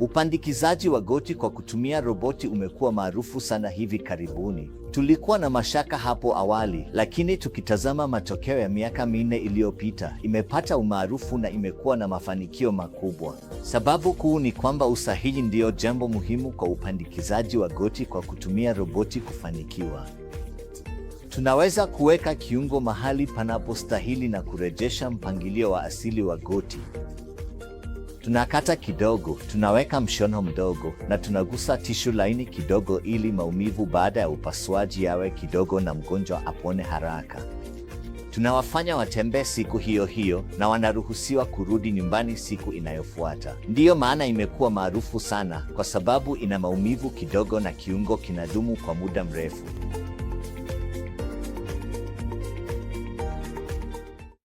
Upandikizaji wa goti kwa kutumia roboti umekuwa maarufu sana hivi karibuni. Tulikuwa na mashaka hapo awali, lakini tukitazama matokeo ya miaka minne iliyopita, imepata umaarufu na imekuwa na mafanikio makubwa. Sababu kuu ni kwamba usahihi ndiyo jambo muhimu kwa upandikizaji wa goti kwa kutumia roboti kufanikiwa. Tunaweza kuweka kiungo mahali panapostahili na kurejesha mpangilio wa asili wa goti. Tunakata kidogo, tunaweka mshono mdogo na tunagusa tishu laini kidogo ili maumivu baada ya upasuaji yawe kidogo na mgonjwa apone haraka. Tunawafanya watembee siku hiyo hiyo na wanaruhusiwa kurudi nyumbani siku inayofuata. Ndiyo maana imekuwa maarufu sana kwa sababu ina maumivu kidogo na kiungo kinadumu kwa muda mrefu.